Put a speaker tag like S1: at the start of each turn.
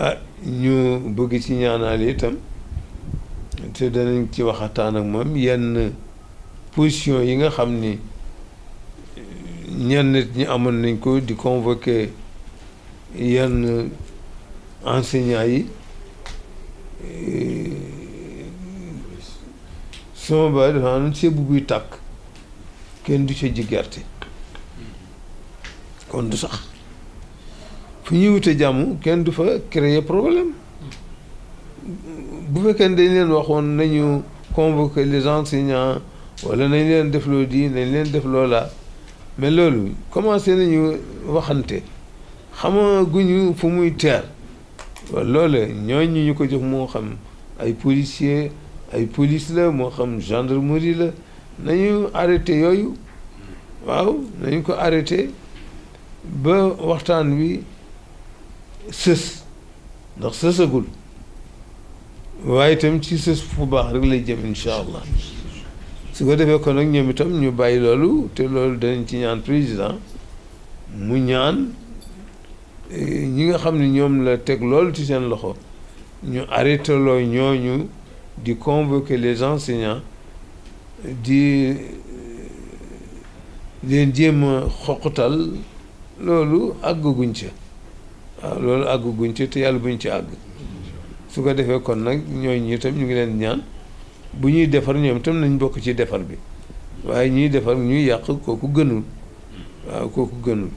S1: ah ñu bëgg ci ñaanal itam te danañ ci waxataan ak moom yenn position yi nga xam ni eh, ñenn nit ñi amoon nañ ko di convoke yenn enseignants yi eh, sama baay dafa am sebu buy tàkk kenn du ca ji gerte hmm. kon du sax fu ñuy wute jàmm kenn du fa créer problème bu fekkee dañ leen waxoon nañu convoquer les enseignants wala nañ leen def loo di nañ leen def loola mais loolu commencé nañu waxante guñu fu muy teer loole ñooñu ñu ko jox moo xam ay policier ay police la moo xam gendarmerie la nañu arrêté yooyu waaw nañu ko arrêté ba waxtaan wi sës ndax sësagul waaye itam ci sës fu baax rek lay jëm incha allah su ko defee kon nag ñoom ñu bàyyi loolu te loolu danañ ci ñaan président mu ñaan eh, ñi nga xam ñoom la teg loolu ci seen loxo ñu arrêté ñooñu les enseignants eh, di leen jéem a xoqutal loolu waaw ah, loolu àgguñ ci te yàlla buñ ci àgg su ko defee kon nag ñooñu itam ñu ngi leen ñaan bu ñuy defar ñoom itam nañ bokk ci defar bi waaye ñuy defar ñuy yàq kooku gënul waaw kooku gënul